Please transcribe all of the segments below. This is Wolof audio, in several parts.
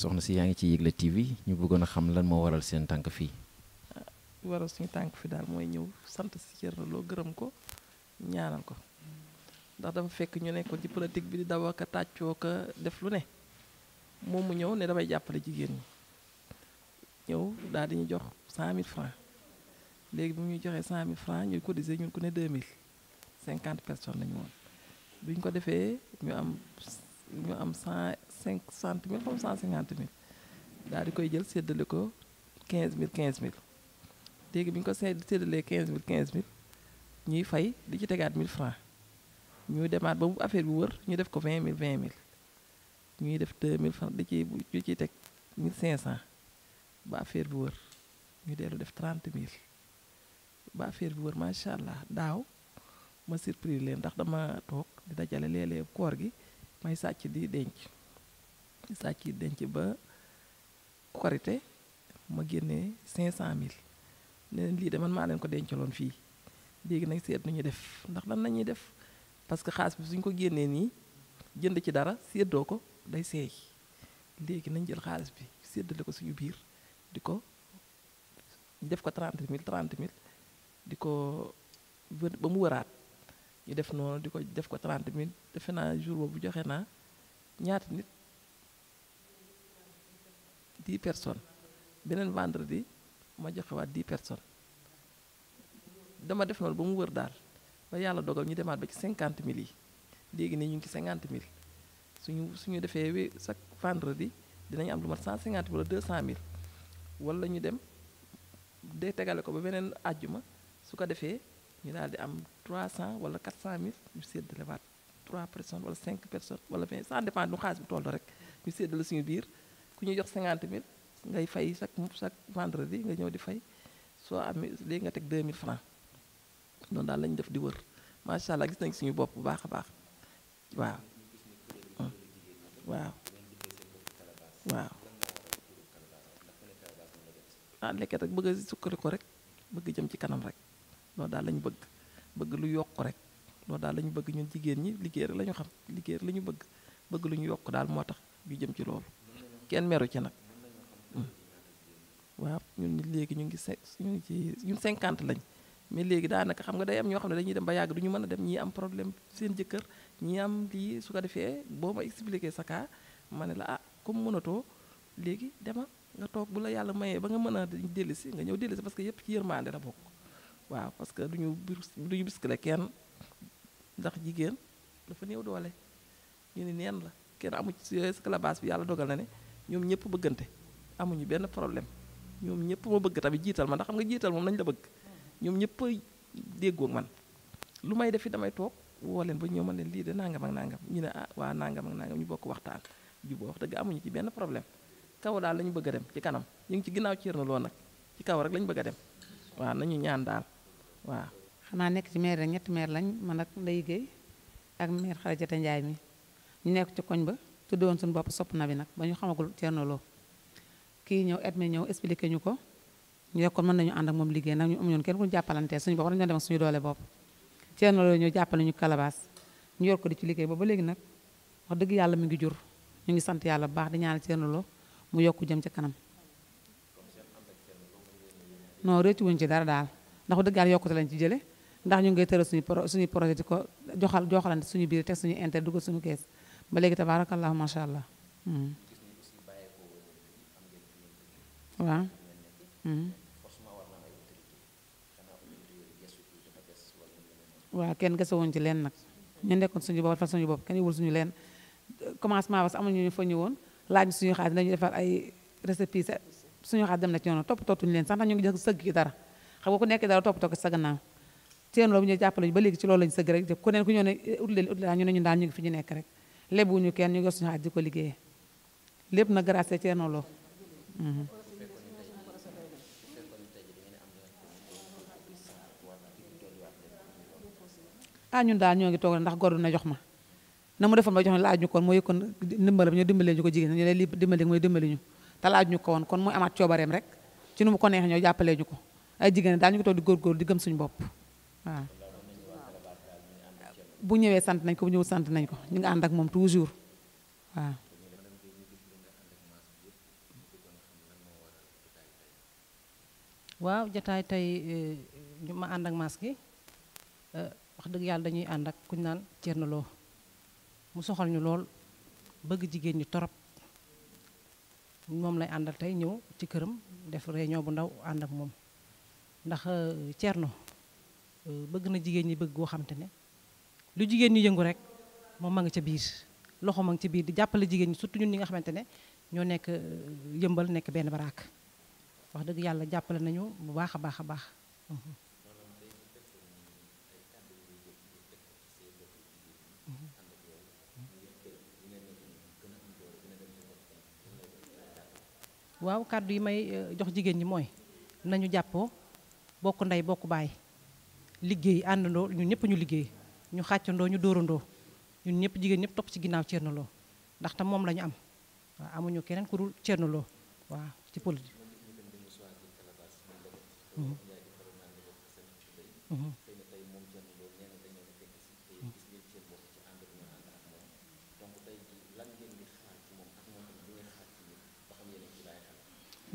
soxna si yaa ngi ci Yegle TV ñu bëggoon a xam lan moo waral seen tànk fii. Ah, waral suñu tànk fi daal mooy ñëw sant si Thierno loo gërëm ko ñaanal ko ndax dafa fekk ñu nekkoon ci politique bi di daw ak tàccoo ka def lu ne moom mu ñëw ne damay jàppale jigéen ñi ñëw daal di ñu jox 100000 francs léegi bi ñu joxee 100000 francs ñu cotisé ñun ku ne 2000 50 personnes la ñu woon bi ko defee ñu am. ñu am cent cinq mille cent cinquante mille daal di koy jël séddale ko quinze mille quinze mille léegi bi ñu ko séddalee quinze mille quinze mille ñuy fay di ci tegaat mille francs ñu demaat ba mu affaire bi wër ñu def ko vingt mille vingt mille ñuy def deux mille francs di ci di ciy teg mille cinq cent ba affaire bi wër ñu dellu def trente mille ba affaire bi wër macha allah daaw ma surprise leen ndax dama toog di dajale léeg koor gi. may sàcc di denc sàcc di denc ba korite ma génnee cinq cent mille ne lii de man maa leen ko dencaloon fii léegi nag seet nu ñu def ndax lan la def parce que xaas bi suñ ko génnee nii jënd ci dara séddoo ko day seey léegi nañ jël xaalis bi séddale ko suñu biir di ko def ko trente mille trente mille di ko ba mu wëraat ñu def noonu di ko def ko 30 minutes defe naa jour bu joxe naa ñaata nit di personnes beneen vendredi ma joxewaat di personnes dama def noonu ba mu wër daal ba yàlla dogal ñu demaat ba ci cinquante mille yi léegi nii ñu ngi ci 50 mille suñu suñu defee wi chaque vendredi dinañ am lu mat 150 wala 200 mille wala ñu dem de tegale ko ba beneen àjjuma su ko defee. ñu daal di am 300 wala 400 mille 3 personnes wala 5 personnes ça dépend du xaalis bi toll rek ñu séddale suñu biir ku ñu jox 50 mille ngay fay chaque chaque vendredi nga ñëw di fay soo amee nga 2000 francs noonu daal lañ def di wër macha allah gis nañ suñu bopp bu baax baax waaw. waaw waaw ah lekket rek bëgg a ko rek bëgg jëm ci kanam lo daal lañu bëgg bëgg lu yokk rek lo daal lañu bëgg ñun jigéen ñi liggéey rek lañu xam liggéey rek lañu bëgg bëgg lu ñu yokk daal moo tax ñu jëm ci loolu kenn meru ci nag hmm. waaw ñun léegi ñu ngi se ñu ngi ci ñun 50 lañ mais léegi daanaka xam nga day am ñoo xam ne dañuy dem ba yàgg duñu ñu mën a dem ñii am problème seen jëkkër ñii am lii su ko defee boo ma expliquer sa cas ma ne la ah comme mënatoo léegi dema nga toog bu la yàlla mayee ba nga mën a dellu si nga ñëw dellu si parce que yëpp ci yërmande la bokk waaw parce que du ñu du ñu biskile kenn ndax jigéen dafa néew doole ñu ni neen la kenn amu ci la base bi yàlla dogal na ne ñoom ñëpp bëggante amuñu benn problème ñoom ñëpp ma bëgg tamit jiital ma ndax xam jiital moom nañ la bëgg ñoom ñëpp déggoo man lu may defi damay toog woo leen ba ñoo mën leen lii de nangam ak nangam ñu ne ah waa nangam ak nangam ñu bokk waxtaan juboo wax dëgg amuñu ci benn problème kaw daal la ñu a dem ci kanam ñu ngi ci ginnaaw cër na loo nag ci kaw rek lañ ñu bëgg a dem waaw nañu ñaan daal waaw xanaa nekk ci maire rek ñetti meer lañ man ak Ndeye Guèye ak maire Xarajata Njaay mi ñu nekk ci koñ ba tuddoon suñu bopp sopp na bi nag ba ñu xamagul Thierno Lo kii ñëw et mi ñëw expliqué ñu ko ñu ne kon mën nañu ànd ak moom liggéey nag ñu amuñu kenn ku ñu jàppalantee suñu bopp dañoo dem ak suñu doole bopp Thierno Lo ñëw jàppale ñu Calabas ñu yor ko di ci liggéey ba ba léegi nag wax dëgg yàlla mi ngi jur ñu ngi sant yàlla bu baax di ñaanal Thierno Lo mu yokku jëm ca kanam non réccu wuñ ci dara daal ndax wax deug yàlla yokkute lañ ci jële ndax ñu ngi téré suñu suñu projet di ko joxal joxalante suñu biir teg suñu intérêt dugal suñu caisse ba légui tabarakallah ma sha allah hmm wa waaw waaw kenn won ci lén nak ñu nekkon suñu bop fa suñu bop kenn yóbbul suñu lén commencement ba amu ñu fa ñu woon laaj suñu xaar dañu defal ay recipe suñu xaar dem na ci top top tootuñu lén sax ñu ngi jël sëgg ci dara xam nga ko nekk dara topp toog sa gannaaw seen loolu ñu jàppale ñu ba léegi ci loolu lañ sëgg rek ku neen ku ñëw ne eh, ut daal ngi fi ñu nekk rek lebu ñu kenn ñu ngi suñu xaaj di ko liggéeyee lépp na grâce ci Thierno mhm. ah ñun daal ñoo ngi toog ndax góor na jox ma na mu defoon ba jox ma laaj ñu kon mooy kon dimbal ñu dimbalee ñu ko jigéen ñu ne lii dimbali mooy dimbali ñu te laaj ñu ko woon kon mooy amaat coobareem rek ci nu mu ko neexee ñoo jàppalee ñu ko ay jigéen daal ñu di gor gor di gëm suñu bop waaw bu ñëwee sant nañ ko bu ñëwul sant nañ ko ñu ngi and ak mom toujours waaw waaw jotaay tay ñu eh, ma and ak maas gi eh, wax dëgg yàlla dañuy ànd ak kuñ naan Thierno Lo mu soxal ñu lool bëgg jigéen ñu torop moom lay àndal tey ñëw ci këram def réunion bu ndaw ànd ak moom ndax euh, Thierno euh, bëgg na jigéen ñi bëgg goo xam ne lu jigéen ñi yëngu rek moom a nga ca biir loxo ma nga ca biir di jàppale jigéen ñi surtout ñun ñi nga xamante ne ñoo nekk euh, yëmbal nekk benn baraak wax dëgg yàlla jàppale nañu bu baax a baax a baax. Mhm. Mhm. waaw kàddu yi may jox jigéen ñi mooy nañu jàppoo. bokk ndey bokk baay liggéey àndandoo ñun ñëpp ñu liggéey ñu xàccandoo ñu dóorandoo ñu ñëpp jigéen ñëpp topp ci ginnaaw Thierno Lo ndaxte moom lañu am amuñu keneen ku dul Thierno Lo waaw ci mhm. Mhm.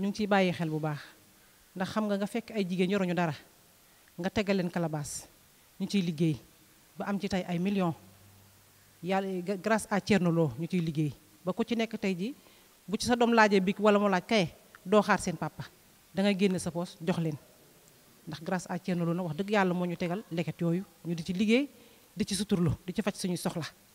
ngi ciy bàyyi xel bu baax. ndax xam nga nga fekk ay jigéen yoruñu dara nga tegal leen calebasse ñu ciy liggéey ba am ci tey ay millions yàlla grâce à Thierno Lo ñu ciy liggéey ba ku ci nekk tey ji bu ci sa doom laajee bi wala mu laaj kaye doo xaar seen papa da nga génne sa poos jox leen ndax grâce à Thierno na wax dëgg yàlla moo ñu tegal leket yooyu ñu di ci liggéey di ci suturlu di ci faj suñuy soxla